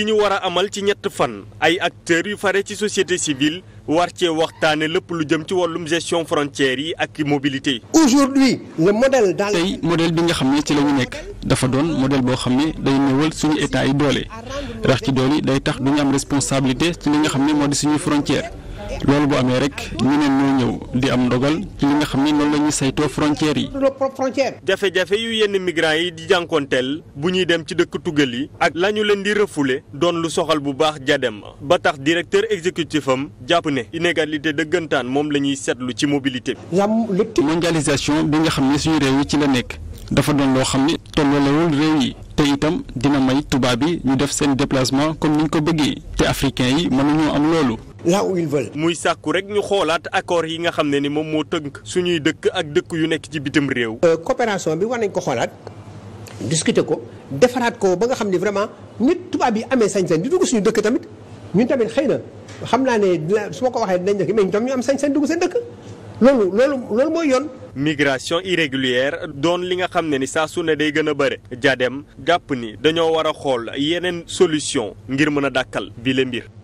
yi ñu war a amal ci ñett fan ay acteurs yu fare ci société civile war cee waxtaane lépp lu jëm ci wàllum gestion frontière yi ak mobilité. aujourd'hui le modèle dans tey modèle bi nga xam ne ci la ñu nekk dafa doon modèle boo xam ne day néewal suñu état yi doole rax ci doole yi day tax du am responsabilité ci li nga xam ne moo di suñuy frontière loolu bu amee rek ñeneen ñoo ñëw di am ndogal ci li nga xam ni noonu la ñuy saytoo yi. jafe-jafe yu yenn migrants yi di jànkoonteel bu ñuy dem ci dëkk tugal yi ak la ñu leen di refoulé doon lu soxal bu baax jadem ba tax directeur exécutif am jàpp ne inégalité dëggantaan moom la ñuy seetlu ci mobilité bi. mondialisation bi nga xam ne suñu réew yi ci la nekk dafa doon loo xam ni tollolewul réew yi te itam dina may tubaab yi ñu def seen déplacement comme ni ñu ko bëggee te africains yi mënuñoo am loolu. là où muy sàkku rek ñu xoolaat accords yi nga xam ne ni moom moo tënk suñuy dëkk ak dëkk yu nekk ci bitim réew. Euh, coopération bi war nañ ko xoolaat discuter ko defaraat ko ba nga xam ni vraiment nit tubaab yi amee sañ-sañ di dugg suñu dëkk tamit ñu tamit xëy na xam naa ne dina su ma ko waxee dinañ def mais ñu tam ñu am sañ-sañ dugg seen dëkk loolu loolu mooy yoon. migration irrégulière doon li nga xam ne ni saa su ne day gën a bëre jadem jàpp ni dañoo war a xool yeneen solution ngir mën a dàkkal bi mbir.